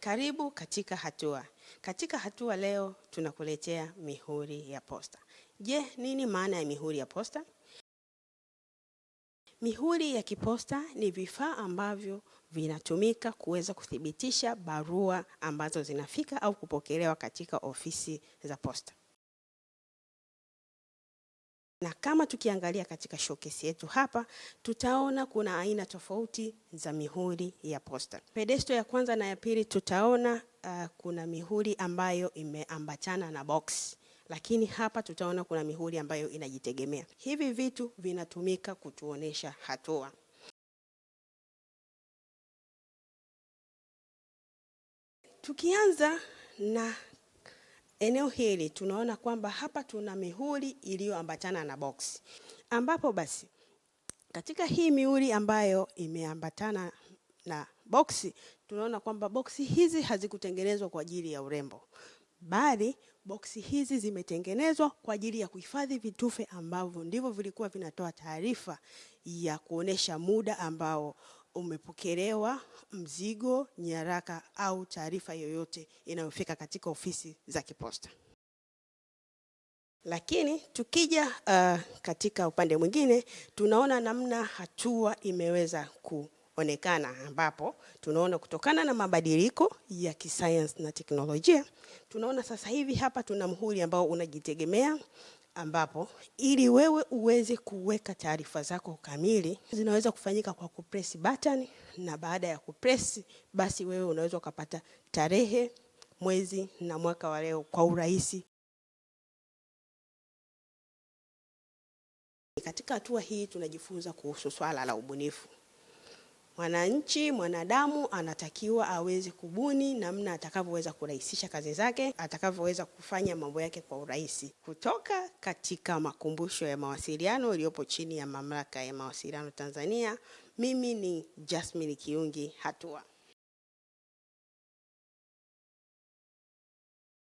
Karibu katika hatua. Katika hatua leo tunakuletea mihuri ya posta. Je, nini maana ya mihuri ya posta? Mihuri ya kiposta ni vifaa ambavyo vinatumika kuweza kuthibitisha barua ambazo zinafika au kupokelewa katika ofisi za posta. Na kama tukiangalia katika showcase yetu hapa, tutaona kuna aina tofauti za mihuri ya posta. Pedesto ya kwanza na ya pili tutaona uh, kuna mihuri ambayo imeambatana na box lakini hapa tutaona kuna mihuri ambayo inajitegemea. Hivi vitu vinatumika kutuonesha hatua. Tukianza na Eneo hili tunaona kwamba hapa tuna mihuri iliyoambatana na boksi, ambapo basi katika hii mihuri ambayo imeambatana na boksi tunaona kwamba boksi hizi hazikutengenezwa kwa ajili ya urembo, bali boksi hizi zimetengenezwa kwa ajili ya kuhifadhi vitufe ambavyo ndivyo vilikuwa vinatoa taarifa ya kuonesha muda ambao umepokelewa mzigo, nyaraka au taarifa yoyote inayofika katika ofisi za kiposta. Lakini tukija uh, katika upande mwingine tunaona namna hatua imeweza kuonekana, ambapo tunaona kutokana na mabadiliko ya kisayansi na teknolojia, tunaona sasa hivi hapa tuna mhuri ambao unajitegemea ambapo ili wewe uweze kuweka taarifa zako kamili zinaweza kufanyika kwa kupress button, na baada ya kupress basi wewe unaweza ukapata tarehe, mwezi na mwaka wa leo kwa urahisi. Katika hatua hii tunajifunza kuhusu swala la ubunifu. Mwananchi mwanadamu anatakiwa aweze kubuni namna atakavyoweza kurahisisha kazi zake, atakavyoweza kufanya mambo yake kwa urahisi, kutoka katika makumbusho ya mawasiliano iliyopo chini ya Mamlaka ya Mawasiliano Tanzania. Mimi ni Jasmine Kiungi Hatua.